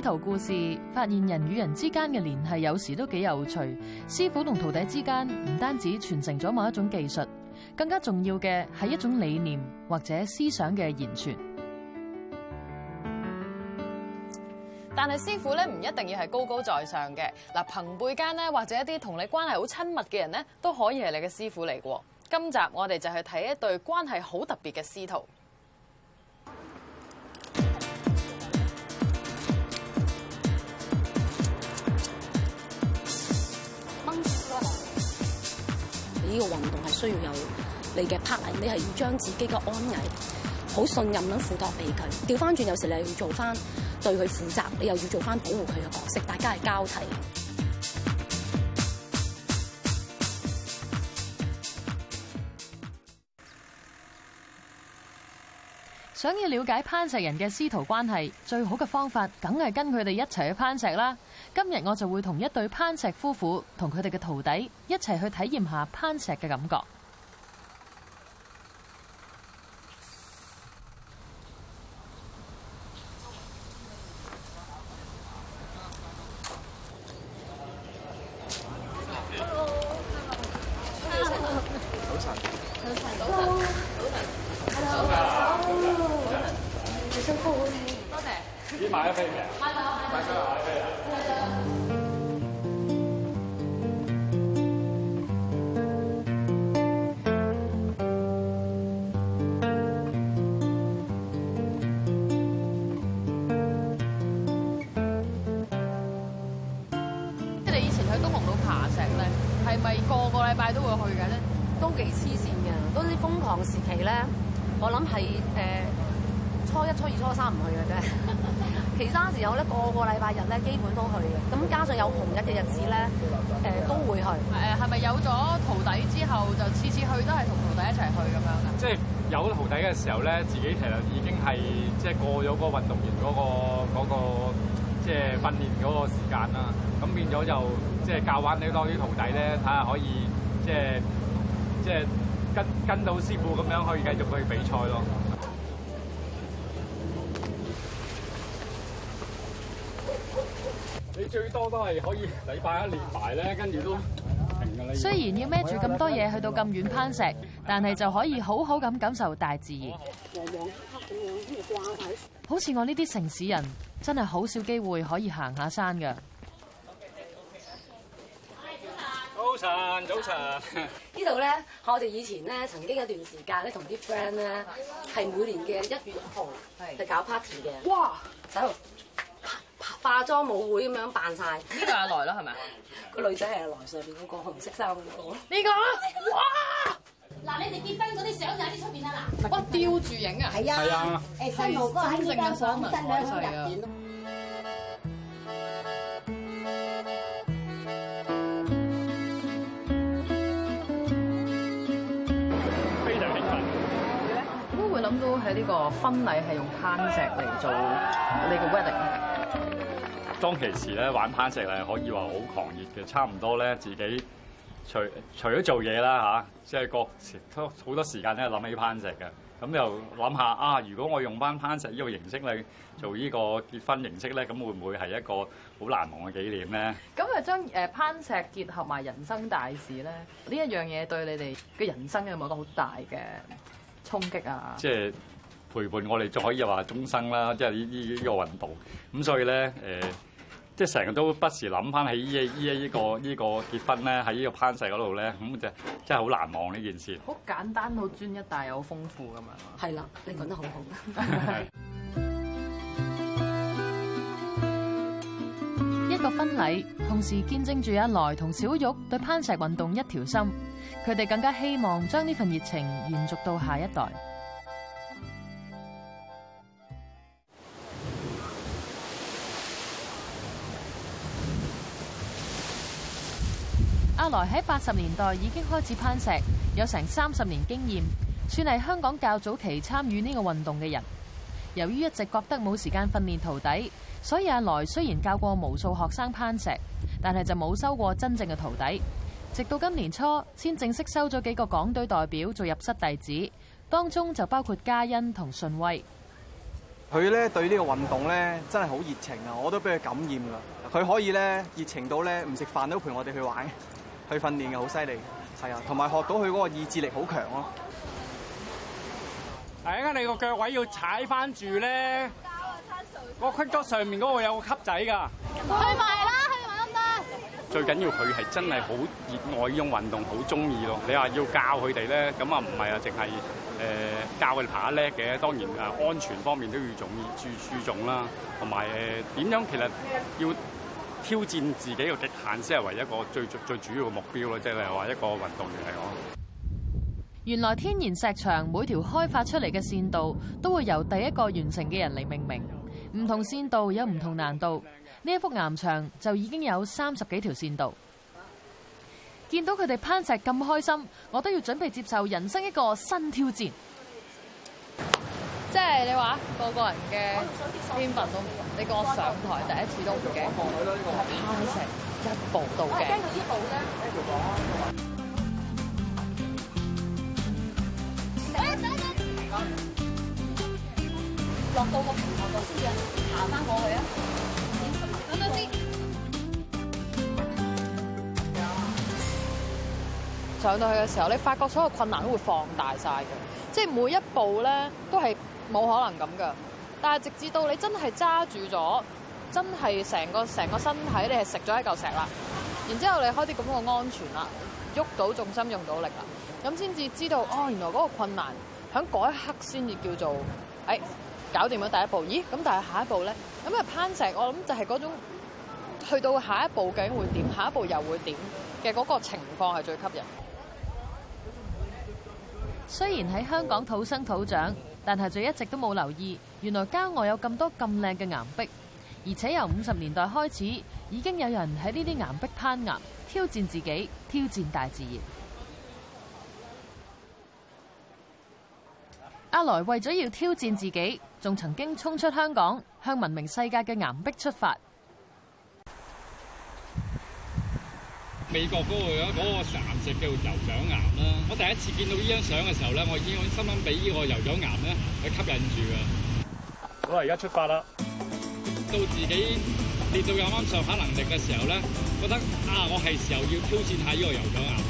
師徒故事發現人與人之間嘅聯繫，有時都幾有趣。師傅同徒弟之間唔單止傳承咗某一種技術，更加重要嘅係一種理念或者思想嘅言傳。但係師傅咧唔一定要係高高在上嘅。嗱朋輩間咧或者一啲同你關係好親密嘅人咧都可以係你嘅師傅嚟嘅。今集我哋就去睇一對關係好特別嘅師徒。呢個運動係需要有你嘅 partner，你係要將自己嘅安危好信任咁輔託俾佢。調翻轉，有時你要做翻對佢負責，你又要做翻保護佢嘅角色，大家係交替。想要了解攀石人嘅師徒關係，最好嘅方法，梗係跟佢哋一齊去攀石啦。今日我就會同一對攀石夫婦，同佢哋嘅徒弟一齊去體驗下攀石嘅感覺。你買一飛嘅，買張買飛啊！即係你以前去東龍島爬石咧，係咪個個禮拜都會去嘅咧？都幾黐線嘅。嗰啲瘋狂時期咧，我諗係、呃、初一、初二、初三唔去嘅啫。其他時候咧，個個禮拜日咧，基本都去嘅。咁加上有紅日嘅日子咧，誒、呃、都會去。誒，係咪有咗徒弟之後，就次次去都係同徒弟一齊去咁樣啊？即、就、係、是、有徒弟嘅時候咧，自己其實已經係即係過咗個運動員嗰、那個即係、那個那個就是、訓練嗰個時間啦。咁變咗就即係、就是、教玩你多啲徒弟咧，睇下可以即係即係跟跟到師傅咁樣，可以繼續去比賽咯。最多都係可以禮拜一連埋咧，跟住都停㗎啦。雖然要孭住咁多嘢去到咁遠攀石，但係就可以好好咁感受大自然。好似我呢啲城市人，真係好少機會可以行下山嘅。早晨，早晨。早呢度咧，我哋以前咧曾經有段時間咧，同啲 friend 咧係每年嘅一月一號係搞 party 嘅。哇！走。化妝舞會咁樣扮曬，呢個阿來咯，係咪啊？ 個女仔係阿來上面嗰、那個紅色衫嗰、那個。呢、這個哇！嗱，你哋結婚嗰啲相就喺呢出邊啊嗱。哇吊住影啊！係啊！係啊！誒，新相相相片咯。非常。點解會諗到喺呢個婚禮係用攀石嚟做呢個 wedding？當其時咧，玩攀石係可以話好狂熱嘅，差唔多咧自己除除咗做嘢啦嚇，即係個好多時間咧諗起攀石嘅，咁又諗下啊，如果我用翻攀石呢個形式嚟做呢個結婚形式咧，咁會唔會係一個好難忘嘅紀念咧？咁啊，將、呃、誒攀石結合埋人生大事咧，呢一樣嘢對你哋嘅人生有冇個好大嘅衝擊啊？即係陪伴我哋仲可以話終生啦，即係呢呢個運動咁，所以咧誒。呃即係成日都不時諗翻起依依依個依、依個依個結婚咧，喺呢個攀石嗰度咧，咁就真係好難忘呢件事。好簡單，好專一，但有又好豐富咁嘛。係啦，你講得好好。 一個婚禮同時見證住阿來同小玉對攀石運動一條心，佢哋更加希望將呢份熱情延續到下一代。阿來喺八十年代已經開始攀石，有成三十年經驗，算係香港較早期參與呢個運動嘅人。由於一直覺得冇時間訓練徒弟，所以阿來雖然教過無數學生攀石，但係就冇收過真正嘅徒弟。直到今年初，先正式收咗幾個港隊代表做入室弟子，當中就包括嘉欣同順威。佢咧對呢個運動咧真係好熱情啊！我都俾佢感染啦。佢可以咧熱情到咧唔食飯都陪我哋去玩。去訓練嘅好犀利，係啊，同埋學到佢嗰個意志力好強咯。係啊，你個腳位要踩翻住咧。個軌道上面嗰個有個級仔㗎。去埋啦，去埋咁多。最緊要佢係真係好熱愛呢種運動，好中意咯。你話要教佢哋咧，咁啊唔係啊，淨係誒教佢爬叻嘅，當然誒安全方面都要重注，注注重啦。同埋誒點樣，其實要。挑戰自己個極限先係唯一個最最最主要嘅目標咯，即係話一個運動員嚟講。原來天然石場每條開發出嚟嘅線道都會由第一個完成嘅人嚟命名，唔同線道有唔同難度。呢一幅岩牆就已經有三十幾條線道。見到佢哋攀石咁開心，我都要準備接受人生一個新挑戰。即係你話個個人嘅天分都唔同，你講上台第一次都唔驚，係拍成一步到嘅。落到個平台就識樣行翻過去啊！等上到去嘅時候，你發覺所有困難都會放大晒嘅，即係每一步咧都係。冇可能咁噶，但係直至到你真係揸住咗，真係成個成個身體你係食咗一嚿石啦，然之後你開啲咁嘅安全啦，喐到重心用到力啦，咁先至知道哦，原來嗰個困難喺嗰一刻先至叫做誒、哎、搞掂咗第一步，咦咁但係下一步咧，咁啊攀石我諗就係嗰種去到下一步究竟會點，下一步又會點嘅嗰個情況係最吸引。雖然喺香港土生土長，但係就一直都冇留意，原來郊外有咁多咁靚嘅岩壁，而且由五十年代開始，已經有人喺呢啲岩壁攀岩，挑戰自己，挑戰大自然。阿來為咗要挑戰自己，仲曾經衝出香港，向聞名世界嘅岩壁出發。美國嗰、那個嗰、那個岩石叫做酋長岩啦，我第一次見到呢張相嘅時候咧，我已經深深俾呢個酋長岩咧去吸引住㗎。好啦，而家出發啦，到自己跌到有啱上下能力嘅時候咧，覺得啊，我係時候要挑戰下呢個酋長岩。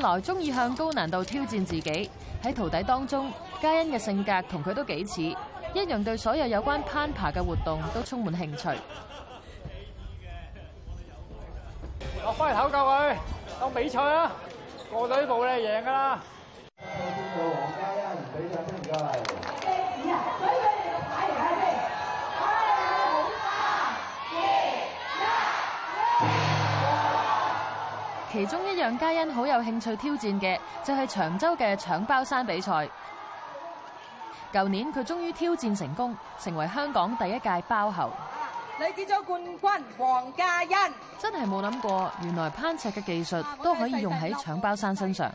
來中意向高難度挑戰自己，喺徒弟當中，嘉欣嘅性格他同佢都幾似，一樣對所有有關攀爬嘅活動都充滿興趣我。我翻嚟考教佢，當比賽啊，過隊步你係贏噶啦。其中一樣嘉欣好有興趣挑戰嘅就係長洲嘅搶包山比賽。舊年佢終於挑戰成功，成為香港第一屆包后。女子組冠軍黃嘉欣，真係冇諗過，原來攀石嘅技術都可以用喺搶包山身上。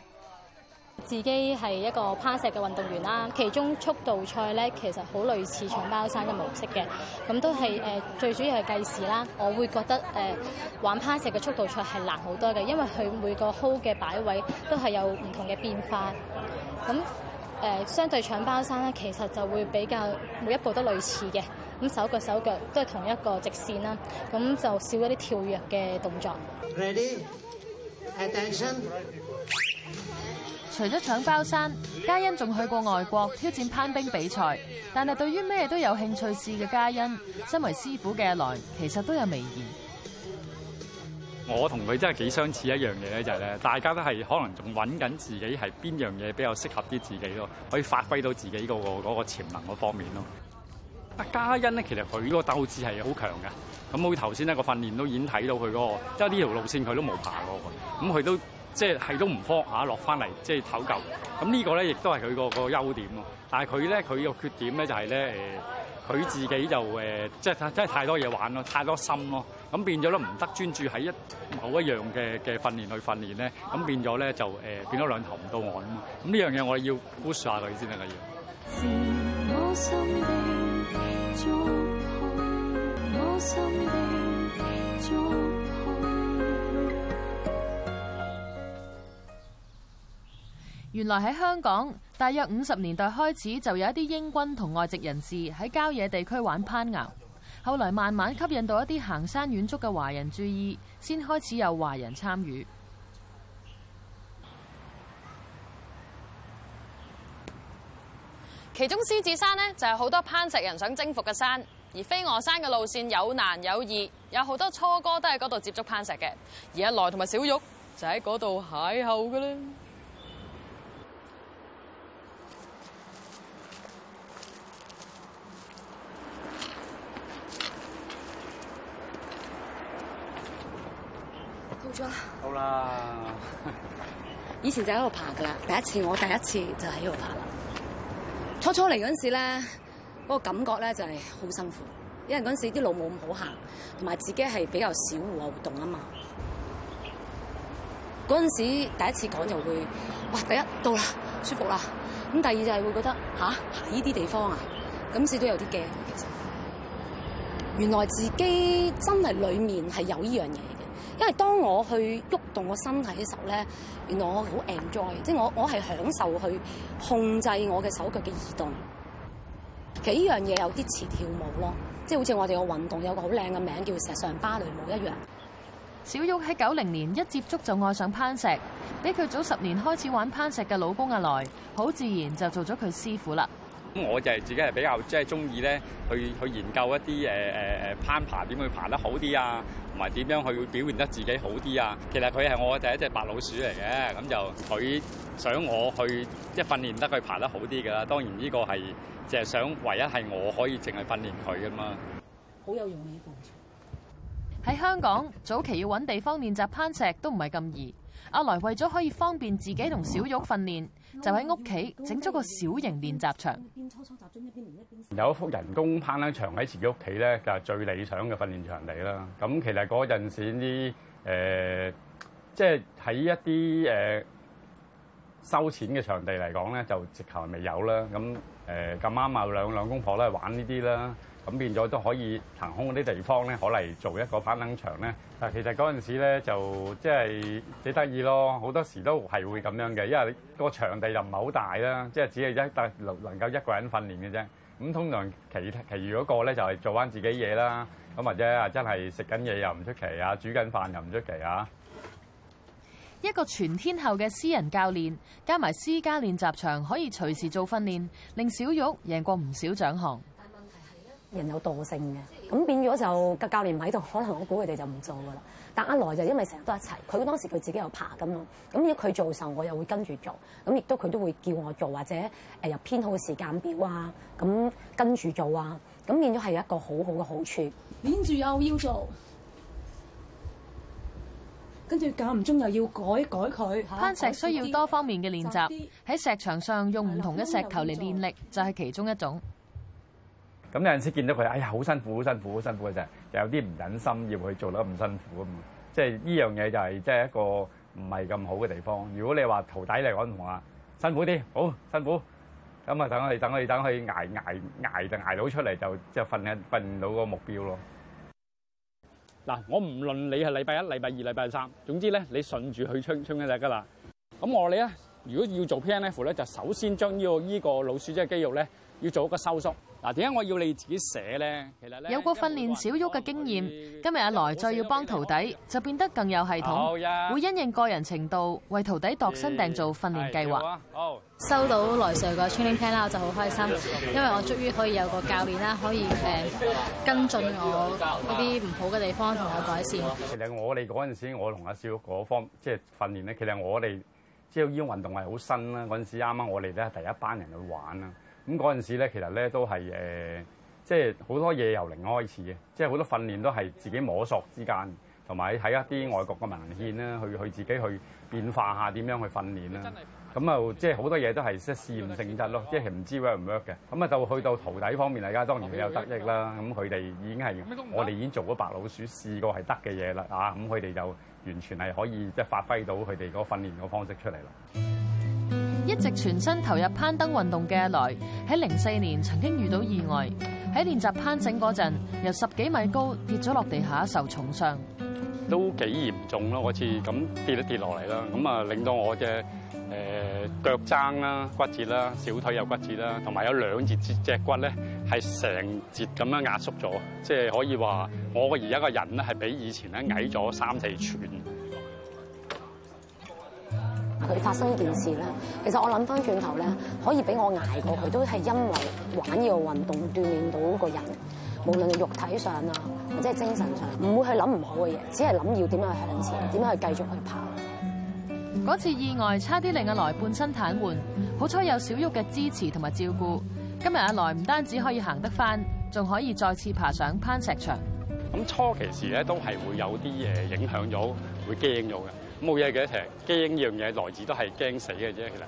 自己係一個攀石嘅運動員啦，其中速度賽咧其實好類似搶包山嘅模式嘅，咁都係誒、呃、最主要係計時啦。我會覺得誒、呃、玩攀石嘅速度賽係難好多嘅，因為佢每個 hold 嘅擺位都係有唔同嘅變化。咁誒、呃、相對搶包山咧，其實就會比較每一步都類似嘅，咁手腳手腳都係同一個直線啦，咁就少咗啲跳躍嘅動作。Ready? Attention? 除咗搶包山，嘉欣仲去過外國挑戰攀冰比賽。但係對於咩都有興趣試嘅嘉欣，身為師傅嘅來，其實都有微言。我同佢真係幾相似一樣嘢咧，就係咧，大家都係可能仲揾緊自己係邊樣嘢比較適合啲自己咯，可以發揮到自己嗰個嗰個潛能嗰方面咯。阿嘉欣咧，其實佢個鬥志係好強嘅。咁好似頭先呢個訓練都已經睇到佢嗰個，即係呢條路線佢都冇爬過。咁佢都。即係都唔慌嚇落翻嚟，即係唞夠。咁呢個咧，亦都係佢個個優點。但係佢咧，佢個缺點咧就係、是、咧，誒、呃，佢自己就誒、呃，即係真係太多嘢玩咯，太多心咯。咁、啊、變咗咧，唔得專注喺一某一樣嘅嘅訓練去訓練咧。咁變咗咧，就誒、呃、變咗兩頭唔到岸啊嘛。咁呢樣嘢我哋要鼓勵下佢先得。啊，要。 原來喺香港，大約五十年代開始就有一啲英軍同外籍人士喺郊野地區玩攀岩。後來慢慢吸引到一啲行山遠足嘅華人注意，先開始有華人參與。其中獅子山呢，就係好多攀石人想征服嘅山，而飛鵝山嘅路線有難有易，有好多初哥都喺嗰度接觸攀石嘅，而阿來同埋小玉就喺嗰度邂逅嘅啦。啦，以前就喺度爬噶啦。第一次我第一次就喺度爬啦。初初嚟嗰陣時咧，嗰、嗰個感覺咧就係好辛苦，因為嗰陣時啲路冇咁好行，同埋自己係比較少戶外活動啊嘛。嗰陣時候第一次講就會，哇！第一到啦，舒服啦。咁第二就係會覺得，吓行呢啲地方啊，咁始終都有啲驚其實。原來自己真係裏面係有呢樣嘢嘅。因為當我去喐動，動我身體嘅時候咧，原來我好 enjoy，即係我我係享受去控制我嘅手腳嘅移動。其實呢樣嘢有啲似跳舞咯，即好似我哋個運動有個好靚嘅名叫石上芭蕾舞一樣。小玉喺九零年一接觸就愛上攀石，比佢早十年開始玩攀石嘅老公阿來，好自然就做咗佢師傅啦。咁我就係自己係比較即係中意咧，去去研究一啲誒誒誒攀爬點去爬得好啲啊，同埋點樣去表現得自己好啲啊。其實佢係我第一隻白老鼠嚟嘅，咁就佢想我去即係訓練得佢爬得好啲噶啦。當然呢個係淨係想唯一係我可以淨係訓練佢噶嘛。好有用呢部。喺香港早期要揾地方練習攀石都唔係咁易，阿來為咗可以方便自己同小玉訓練，就喺屋企整咗個小型練習場。有一幅人工攀登牆喺自己屋企咧，就係、是、最理想嘅訓練場地啦。咁其實嗰陣時啲誒，即係喺一啲誒收錢嘅場地嚟講咧，就直頭係未有啦。咁誒咁啱啊，兩兩公婆咧玩呢啲啦。咁變咗都可以騰空啲地方咧，可嚟做一個攀登場咧。嗱，其實嗰陣時咧就即係幾得意咯，好多時都係會咁樣嘅，因為個場地又唔係好大啦，即係只係一但能能夠一個人訓練嘅啫。咁通常其其餘嗰個咧就係做翻自己嘢啦。咁或者啊，真係食緊嘢又唔出奇啊，煮緊飯又唔出奇啊。一個全天候嘅私人教練，加埋私家練習場，可以隨時做訓練，令小玉贏過唔少獎項。人有惰性嘅，咁變咗就教練唔喺度，可能我估佢哋就唔做噶啦。但阿來就因為成日都一齊，佢當時佢自己又爬咁咯，咁如果佢做嘅時候，我又會跟住做，咁亦都佢都會叫我做或者有編好嘅時間表啊，咁跟住做啊，咁變咗係一個好好嘅好處。跟住又要做，跟住間唔中又要改改佢。攀石需要多方面嘅練習，喺石場上用唔同嘅石頭嚟練力就係其中一種。咁有陣時見到佢，哎呀，好辛苦，好辛苦，好辛苦嘅就係就有啲唔忍心要佢做得咁辛苦啊嘛。即係呢樣嘢就係即係一個唔係咁好嘅地方。如果你話徒弟嚟講同話辛苦啲，好辛苦咁啊，等佢等佢等佢捱捱捱就捱到出嚟，就即係訓嘅訓唔到個目標咯。嗱，我唔論你係禮拜一、禮拜二、禮拜三，總之咧，你順住去衝衝一就得㗎啦。咁我你咧，如果要做 PNF 咧，就首先將呢個呢個老鼠即係肌肉咧，要做個收縮。嗱，點解我要你自己寫咧？其實呢有個訓練小玉嘅經驗，今日阿來再要幫徒弟，就變得更有系統，會因應個人程度為徒弟度身訂造訓練計劃。收到來 Sir 個 training plan，我就好開心，因為我終於可以有個教練啦，可以誒跟進我一啲唔好嘅地方，同我改善。其實我哋嗰陣時，我同阿小玉嗰方即係訓練咧，其實我哋即係依種運動係好新啦。嗰陣時啱啱我哋咧第一班人去玩啦。咁嗰陣時咧，其實咧都係誒，即係好多嘢由零開始嘅，即係好多訓練都係自己摸索之間，同埋喺一啲外國嘅文獻啦，去去自己去變化一下點樣去訓練啦。咁啊，即係好多嘢都係即係試驗性質咯，即係唔知 work 唔 work 嘅。咁、嗯、啊，就去到徒弟方面大家當然比較得益啦。咁佢哋已經係我哋已經做咗白老鼠試過係得嘅嘢啦。啊，咁佢哋就完全係可以即係、就是、發揮到佢哋嗰訓練個方式出嚟啦。一直全身投入攀登運動嘅阿來喺零四年曾經遇到意外，喺練習攀繩嗰陣由十幾米高跌咗落地下受重傷，都幾嚴重咯。嗰次咁跌一跌落嚟啦，咁啊令到我嘅誒腳踭啦、骨折啦、小腿有骨折啦，同埋有兩節脊骨咧係成節咁樣壓縮咗，即係可以話我而家個人咧係比以前咧矮咗三四寸。佢發生件事咧，其實我諗翻轉頭咧，可以俾我捱過去。都係因為玩呢個運動鍛煉到個人，無論係肉體上啊，或者係精神上，唔會去諗唔好嘅嘢，只係諗要點樣去向前，點樣去繼續去爬。嗰次意外差啲令阿來半身癱瘓，好彩有小玉嘅支持同埋照顧，今日阿來唔單止可以行得翻，仲可以再次爬上攀石牆。咁初期時咧都係會有啲嘢影響到，會驚到嘅。冇嘢嘅，其實驚呢樣嘢來自都係驚死嘅啫。其實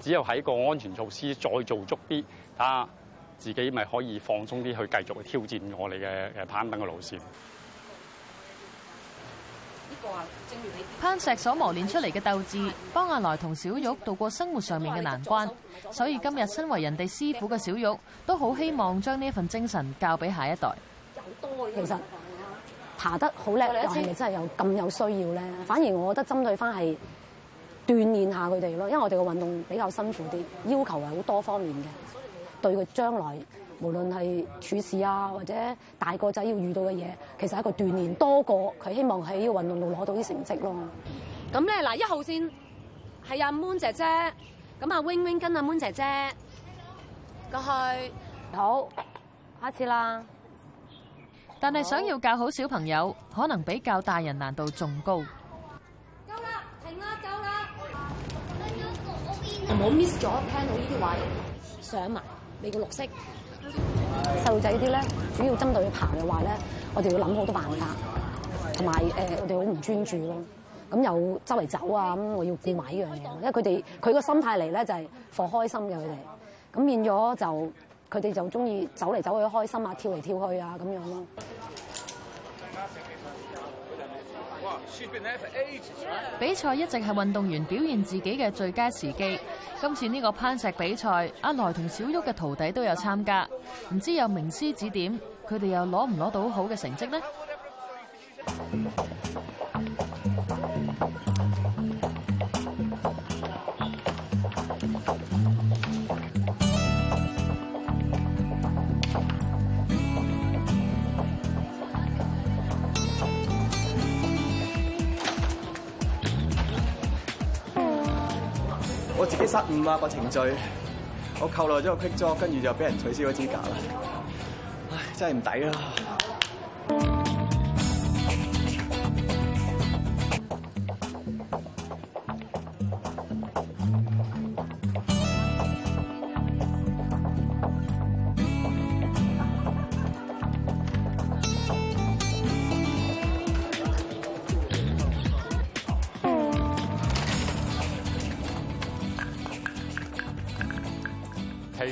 只有喺個安全措施再做足啲，啊自己咪可以放鬆啲去繼續去挑戰我哋嘅誒攀登嘅路線。攀石所磨練出嚟嘅鬥志，幫阿來同小玉度過生活上面嘅難關。所以今日身為人哋師傅嘅小玉，都好希望將呢一份精神教俾下一代。其實。爬得好叻，又係咪真係有咁有需要咧？反而我覺得針對翻係鍛鍊下佢哋咯，因為我哋個運動比較辛苦啲，要求係好多方面嘅，對佢將來無論係處事啊，或者大個仔要遇到嘅嘢，其實係一個鍛鍊多過佢希望喺呢個運動度攞到啲成績咯。咁咧，嗱一號線係阿 Moon 姐姐，咁阿 Wing Wing 跟阿 Moon 姐姐過去，好，下次啦。但係想要教好小朋友，可能比教大人難度仲高。夠啦，停啦，夠啦，唔好 miss 咗，聽到呢啲話，上埋你個綠色。細路仔啲咧，主要針對佢爬嘅話咧，我哋要諗好多辦法，同埋誒我哋好唔專注咯。咁又周圍走啊，咁我要顧埋一樣嘢，因為佢哋佢個心態嚟咧就係放開心嘅佢哋，咁變咗就。佢哋就中意走嚟走去，開心啊，跳嚟跳去啊，咁樣咯。比賽一直係運動員表現自己嘅最佳時機。今次呢個攀石比賽，阿來同小玉嘅徒弟都有參加。唔知有名師指點，佢哋又攞唔攞到好嘅成績呢？我自己失誤啊個程序，我扣落咗個 quickdraw，跟住就俾人取消咗資格啦！唉，真係唔抵啊。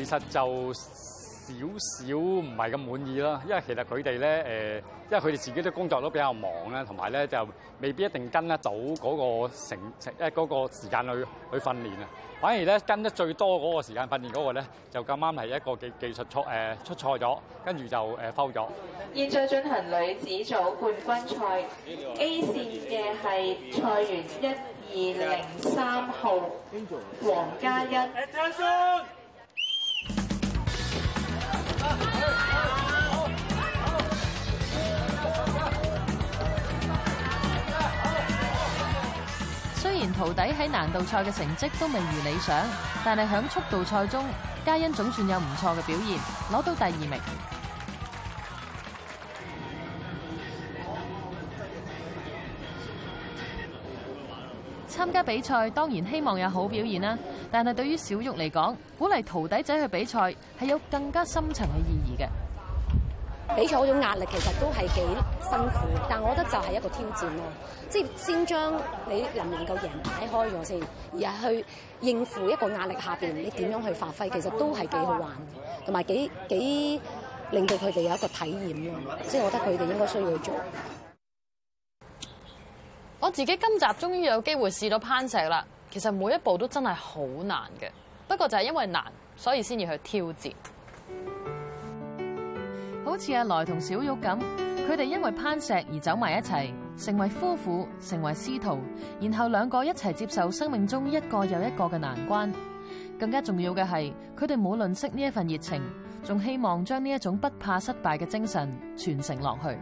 其實就少少唔係咁滿意啦，因為其實佢哋咧誒，因為佢哋自己啲工作都比較忙啦，同埋咧就未必一定跟得到嗰個成成一嗰個時間去去訓練啊。反而咧跟得最多嗰個時間訓練嗰個咧，就咁啱係一個技技術錯誒出錯咗，跟、呃、住就誒 fail 咗。現在進行女子組冠軍賽 A 線嘅係賽員一二零三號黃嘉欣。雖然徒弟喺難度賽嘅成績都未如理想，但係響速度賽中，嘉欣總算有唔錯嘅表現，攞到第二名。參加比賽當然希望有好表現啦，但係對於小玉嚟講，鼓勵徒弟仔去比賽係有更加深層嘅意義嘅。比賽嗰種壓力其實都係幾辛苦，但我覺得就係一個挑戰咯，即係先將你能唔能夠贏擺開咗先，而係去應付一個壓力下邊你點樣去發揮，其實都係幾好玩同埋幾幾令到佢哋有一個體驗咯。即係我覺得佢哋應該需要去做。我自己今集終於有機會試到攀石啦，其實每一步都真係好難嘅，不過就係因為難，所以先要去挑戰。好似阿來同小玉咁，佢哋因為攀石而走埋一齊，成為夫婦，成為師徒，然後兩個一齊接受生命中一個又一個嘅難關。更加重要嘅係，佢哋冇吝惜呢一份熱情，仲希望將呢一種不怕失敗嘅精神傳承落去。